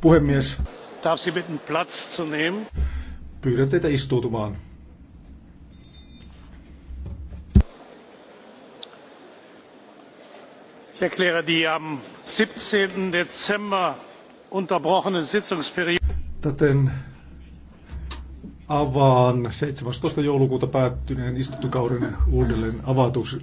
Puhemies. Pyydän teitä istuutumaan. Ich erkläre die am 17. Dezember unterbrochene Sitzungsperiode. Täten avaan 17. joulukuuta päättyneen istuntokauden uudelleen avatuksi.